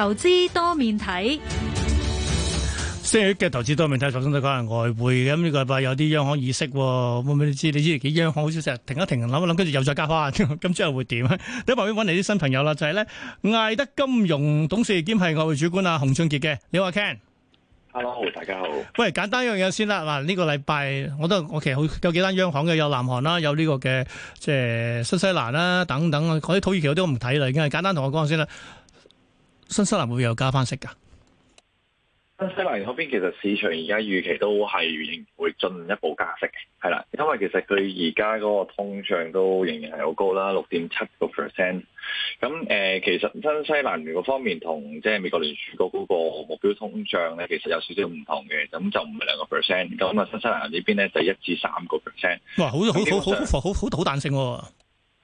投資多面體，星期一嘅投資多面體，首先就講下外匯嘅。咁呢個禮拜有啲央行意識喎，唔知你知唔知？央行好似成日停一停，諗一諗，跟住又再加翻。咁之後會點咧？第一排要搵嚟啲新朋友啦，就係咧艾德金融董事兼係外匯主管啊，熊俊傑嘅。你好阿 Ken Hello、啊、大家好。喂，簡單一樣嘢先啦。嗱，呢個禮拜我都我其實好有幾單央行嘅，有南韓啦，有呢個嘅即係新西蘭啦等等。嗰啲土耳其嗰啲唔睇啦，已經係簡單同我講下先啦。新西蘭會有加翻息噶？新西蘭嗰邊其實市場而家預期都係仍然會進一步加息嘅。係啦，因為其實佢而家嗰個通脹都仍然係好高啦，六點七個 percent。咁誒、呃，其實新西蘭嗰方面同美國聯儲局嗰個目標通脹咧，其實有少少唔同嘅，咁就唔係兩個 percent。咁啊，新西蘭呢邊咧就一至三個 percent。哇，好，好好，好，好，好，好，好彈性喎、哦！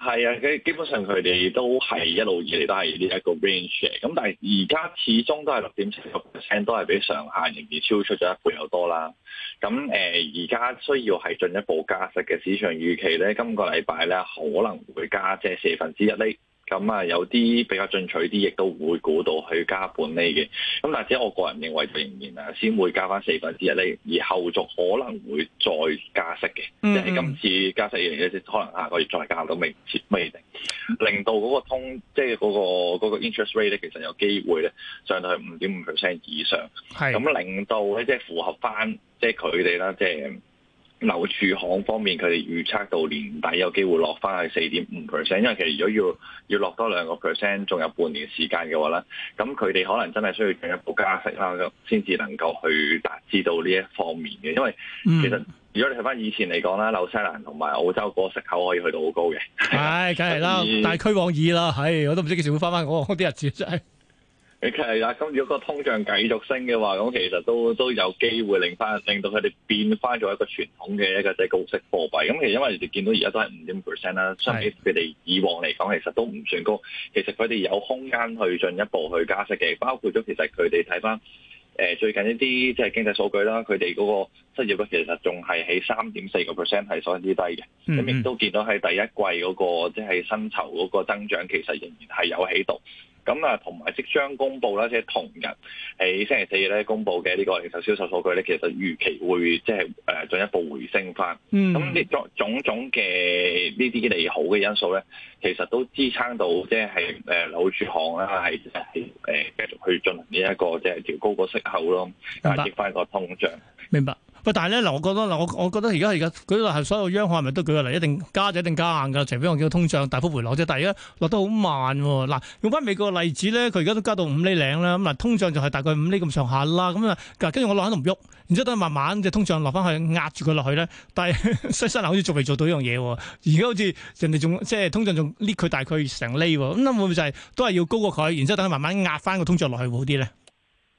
係啊，基本上佢哋都係一路以嚟都係呢一個 range 嚟，咁但係而家始終都係六點七六 percent，都係比上限仍然超出咗一倍有多啦。咁誒，而家需要係進一步加息嘅市場預期咧，今個禮拜咧可能會加即係四分之一呢。咁啊，有啲比較進取啲，亦都會估到去加半厘嘅。咁但係，只係我個人認為仍然啊，先會加翻四分之一厘，而後續可能會再加息嘅。Mm hmm. 即係今次加息完嘅先，可能下個月再加到未，未定。令到嗰個通，即係嗰個嗰個嗰個 interest rate 咧，其實有機會咧，上到去五點五 percent 以上。係咁是令到咧，即係符合翻，即係佢哋啦，即係。紐儲行方面，佢哋預測到年底有機會落翻去四點五 percent，因為其實如果要要落多兩個 percent，仲有半年時間嘅話咧，咁佢哋可能真係需要進一步加息啦，咁先至能夠去達致到呢一方面嘅。因為其實、嗯、如果你睇翻以前嚟講啦，紐西蘭同埋澳洲個息口可以去到好高嘅，係梗係啦， 以大趨往二啦，係、哎、我都唔知幾時會翻翻嗰嗰啲日子真。 你係啦，咁如果個通脹繼續升嘅話，咁其實都都有機會令翻，令到佢哋變翻咗一個傳統嘅一個即係高息貨幣。咁其實因為你見到而家都係五點五 percent 啦，相比佢哋以往嚟講，其實都唔算高。其實佢哋有空間去進一步去加息嘅，包括咗其實佢哋睇翻，誒最近一啲即係經濟數據啦，佢哋嗰個失業率其實仲係喺三點四個 percent 係相之低嘅，咁亦、mm hmm. 都見到喺第一季嗰、那個即係、就是、薪酬嗰個增長，其實仍然係有喺度。咁啊，同埋即將公布啦，即係同日喺星期四咧，公佈嘅呢個零售銷售數據咧，其實預期會即係誒進一步回升翻。咁呢、嗯、種種種嘅呢啲利好嘅因素咧，其實都支撐到即係誒樓住行啦，係係誒繼續去進行呢、這、一個即係調高個息口咯，壓抑翻個通脹。明白。明白。喂，但係咧，嗱，我覺得，嗱，我我覺得而家而家舉例係所有央行係咪都舉個例，一定加就一定加硬㗎，除非我見到通脹大幅回落啫。但係而家落得好慢喎、哦。嗱、啊，用翻美國例子咧，佢而家都加到五厘零啦。咁嗱，通脹就係大概五厘咁上下啦。咁、嗯、啊，跟住我落喺度唔喐，然之後等佢慢慢即係通脹落翻去壓住佢落去咧。但係 紐西蘭好似仲未做到一樣嘢喎。而家好似人哋仲即係通脹仲 lift 佢大概成釐喎。咁我咪就係都係要高過佢，然之後等佢慢慢壓翻個通脹落去會好啲咧。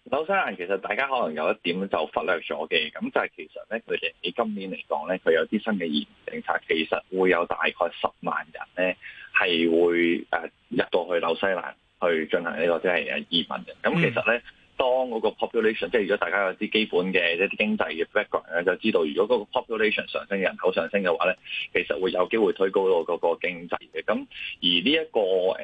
紐西蘭其實大家可能有一點就忽略咗嘅，咁就係其實咧，佢哋喺今年嚟講咧，佢有啲新嘅移民政策，其實會有大概十萬人咧係會誒入、呃、到去紐西蘭去進行呢、這個即係誒移民嘅，咁其實咧。嗯。當嗰個 population，即係如果大家有啲基本嘅一啲經濟嘅 background 咧，就知道如果嗰個 population 上升、人口上升嘅話咧，其實會有機會推高到嗰個經濟嘅。咁而呢、這、一個誒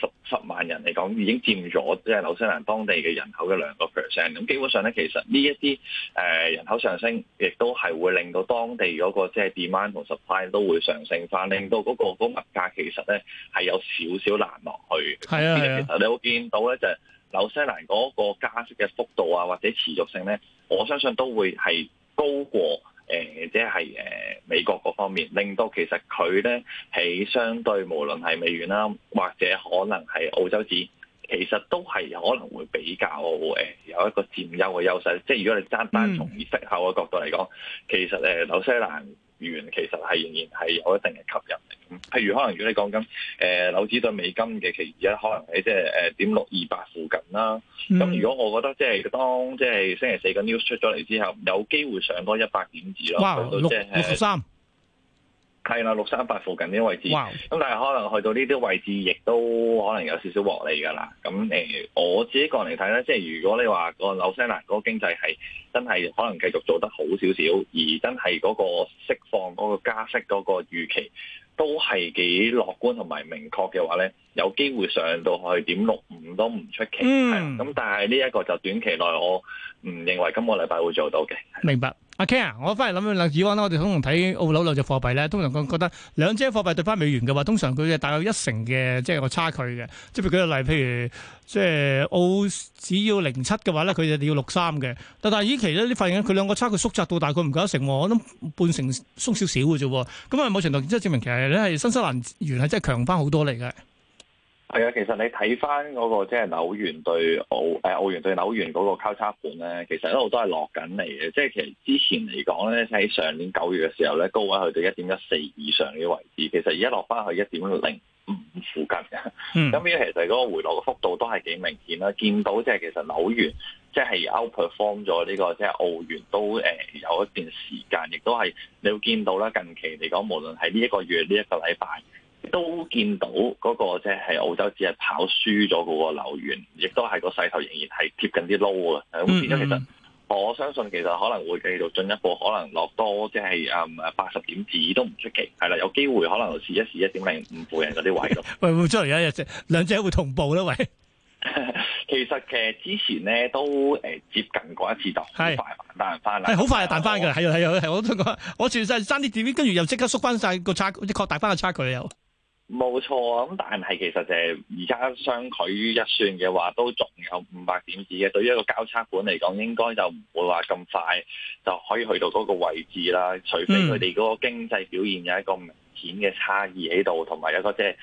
十十萬人嚟講，已經佔咗即係紐西蘭當地嘅人口嘅兩個 percent。咁基本上咧，其實呢一啲誒人口上升，亦都係會令到當地嗰個即係 demand 同 supply 都會上升翻，令到嗰、那個嗰、那個、物價其實咧係有少少難落去。係啊，啊其實你會見到咧就。紐西蘭嗰個加息嘅幅度啊，或者持續性咧，我相信都會係高過誒，即係誒美國嗰方面，令到其實佢咧喺相對無論係美元啦，或者可能係澳洲紙，其實都係可能會比較誒有一個佔優嘅優勢。即係如果你單單從息口嘅角度嚟講，其實誒紐西蘭。元其實係仍然係有一定嘅吸引力，嘅，譬如可能如果你講緊誒紐指對美金嘅期二，咧可能喺即係誒點六二八附近啦。咁、嗯、如果我覺得即、就、係、是、當即係星期四個 news 出咗嚟之後，有機會上多一百點子咯。哇，到就是、六十三。係啦，六三八附近啲位置，咁哇但係可能去到呢啲位置，亦都可能有少少獲利噶啦。咁誒、呃，我自己個人嚟睇咧，即係如果你話個紐西蘭嗰經濟係真係可能繼續做得好少少，而真係嗰個釋放嗰、嗰個加息嗰個預期都係幾樂觀同埋明確嘅話咧，有機會上到去點六五都唔出奇。咁、嗯、但係呢一個就短期內我唔認為今個禮拜會做到嘅。明白。阿 Ken 啊，okay，我翻嚟諗一諗以往咧，我哋通常睇澳紐兩隻貨幣咧，通常我覺得兩隻貨幣對翻美元嘅話，通常佢係大概一成嘅，即係個差距嘅。即係譬如舉個例，譬如即係澳只要零七嘅話咧，佢就要六三嘅。但係以期咧，你發現佢兩個差距縮窄到大概唔夠一成，我諗半成縮少少嘅啫。咁啊，某程度即係證明其實咧，新西蘭元係真係強翻好多嚟嘅。係啊，其實你睇翻嗰個，即係、就是、紐元對澳誒、呃、澳元對紐元嗰個交叉盤咧，其實一路都係落緊嚟嘅。即係其實之前嚟講咧，喺上年九月嘅時候咧，高位去到一點一四以上嘅位置，其實而家落翻去一點零五附近嘅。咁呢、嗯、其實嗰個回落嘅幅度都係幾明顯啦。見到即係其實紐元即係 outperform 咗呢、這個即係、就是、澳元都誒有一段時間，亦都係你會見到啦。近期嚟講，無論喺呢一個月、呢一、這個禮拜。都見到嗰、那個即係澳洲只係跑輸咗嗰個紐元，亦都係個勢頭仍然係貼近啲 low 啊。咁變咗，其實我相信其實可能會繼續進一步，可能落多即係誒八十點子都唔出奇，係啦、啊，有機會可能試一試一點零五附近嗰啲位度 。喂，會唔出嚟有一日兩者會同步咧？喂，其實其實之前咧都誒、欸、接近過一次就快，是快就好快彈翻啦，好快又彈翻嘅，係係係我都講，我全晒三啲跌，跟住又即刻縮翻晒個差，即擴大翻個差距又。又冇錯啊，咁但係其實就係而家相距於一算嘅話，都仲有五百點子嘅。對於一個交叉盤嚟講，應該就唔會話咁快就可以去到嗰個位置啦。除非佢哋嗰個經濟表現有一個明顯嘅差異喺度，同埋有一個即係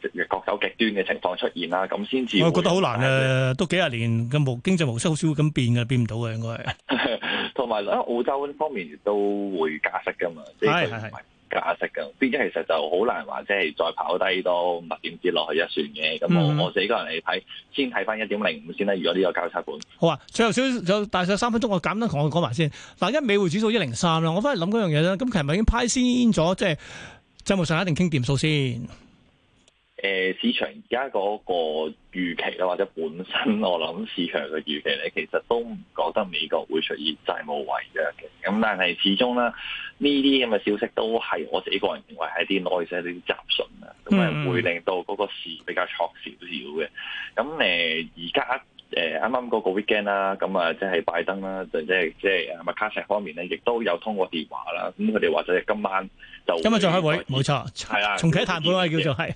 誒各種極端嘅情況出現啦，咁先至。我覺得好難啊！都幾廿年嘅模經濟模式好少咁變嘅，變唔到嘅應該係。同埋喺澳洲方面都會加息㗎嘛，呢個唔價值噶，即係其實就好難話，即係再跑低多，唔點跌落去一船嘅。咁我我自己個人嚟睇，先睇翻一點零五先啦。如果呢個交叉盤，好啊，最後少大少三分鐘，我簡單同我講埋先。嗱，一美匯指數一零三啦，我翻嚟諗嗰樣嘢啦。咁其實咪已經派先咗，即係周末上一定傾掂數先。誒，市場而家嗰個預期咧，或者本身我諗市場嘅預期咧，其實都唔覺得美國會出現債務違約嘅。咁但係始終啦，呢啲咁嘅消息都係我自己個人認為係啲 noise、啲雜訊啊，咁係會令到嗰個市比較錯少少嘅。咁誒，而家。誒啱啱嗰個 weekend 啦，咁啊即係拜登啦，就即係即係麥卡錫方面咧，亦都有通過電話啦。咁佢哋話就係今晚就，今日再開會，冇錯，係 啊，重啟談判啊，叫做係。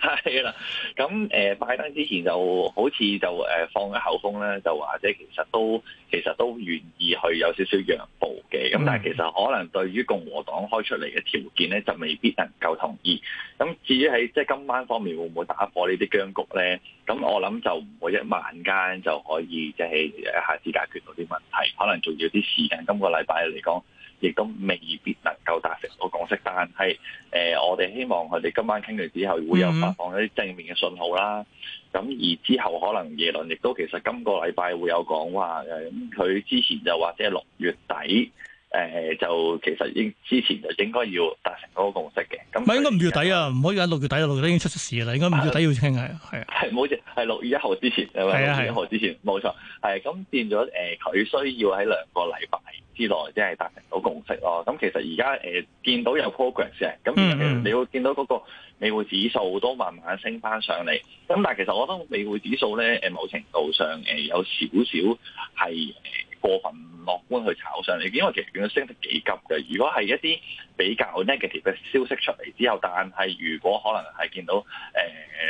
係啦，咁誒、 嗯呃、拜登之前就好似就誒、呃、放咗口風咧，就話者其實都其實都願意去有少少讓步嘅，咁但係其實可能對於共和黨開出嚟嘅條件咧，就未必能夠同意。咁至於喺即係今晚方面會唔會打破呢啲僵局咧？咁我諗就唔會一晚間就可以即係一下子解決到啲問題，可能仲要啲時間。今個禮拜嚟講，亦都未必能夠達成個共識，但係誒、呃，我哋希望佢哋今晚傾完之後會有發放一啲正面嘅信號啦。咁、嗯嗯、而之後可能耶倫亦都其實今個禮拜會有講話嘅，咁、嗯、佢之前就話即係六月底。誒，就其實應之前就應該要達成嗰個共識嘅，咁唔係應該五在月底啊，唔可以喺六月底，六月底已經出事啦，應該五月底要傾啊，係啊是，係冇錯，係六月一號之前啊嘛，六月一號之前，冇錯、啊，係咁、啊、變咗誒，佢、呃、需要喺兩個禮拜之內，即係達成到共識咯。咁其實而家誒，見到有 progress 啊，咁你會見到嗰個美匯指數都慢慢升翻上嚟，咁但係其實我覺得美匯指數咧，誒，某程度上誒、呃，有少少係。呃過分樂觀去炒上嚟，因為其實佢升得幾急嘅。如果係一啲比較 negative 嘅消息出嚟之後，但係如果可能係見到誒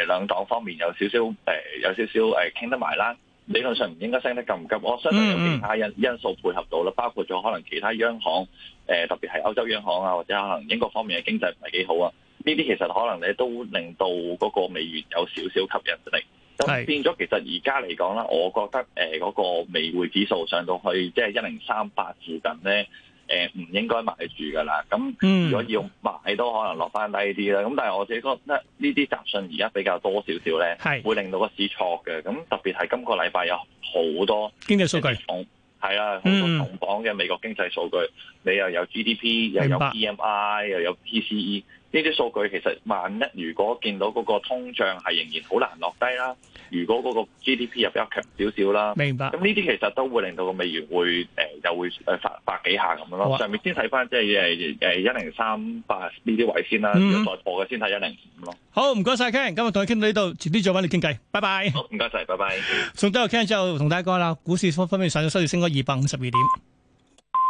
兩黨方面有少少誒、呃、有少少誒傾、呃、得埋啦，理論上唔應該升得咁急，急。我相信有其他因因素配合到啦，包括咗可能其他央行誒、呃，特別係歐洲央行啊，或者可能英國方面嘅經濟唔係幾好啊。呢啲其實可能咧都令到嗰個美元有少少吸引力。咁是變咗，其實而家嚟講咧，我覺得誒嗰、呃那個美匯指數上到去即係一零三八附近咧，誒、呃、唔應該買住噶啦。咁如果要買，都可能落翻低啲啦。咁但係我自己覺得呢啲雜訊而家比較多少少咧，是會令到個市錯嘅。咁特別係今個禮拜有好多經濟數據，係啊、嗯，好、嗯、多重磅嘅美國經濟數據，你又有 GDP 白又有 PMI 又有 PCE。呢啲數據其實，萬一如果見到嗰個通脹係仍然好難落低啦，如果嗰個 GDP 又比較強少少啦，明白。咁呢啲其實都會令到個美元會誒又、呃、會誒發發幾下咁樣咯。啊、上面先睇翻即係誒一零三八呢啲位先啦，嗯、再破嘅先睇一零五咯。好，唔該晒 Ken，今日同你傾到呢度，遲啲再揾你傾偈。拜拜。好，唔該晒。拜拜。送多個 Ken 之後，同大家講啦，股市方分面上日收市升咗二百五十二點。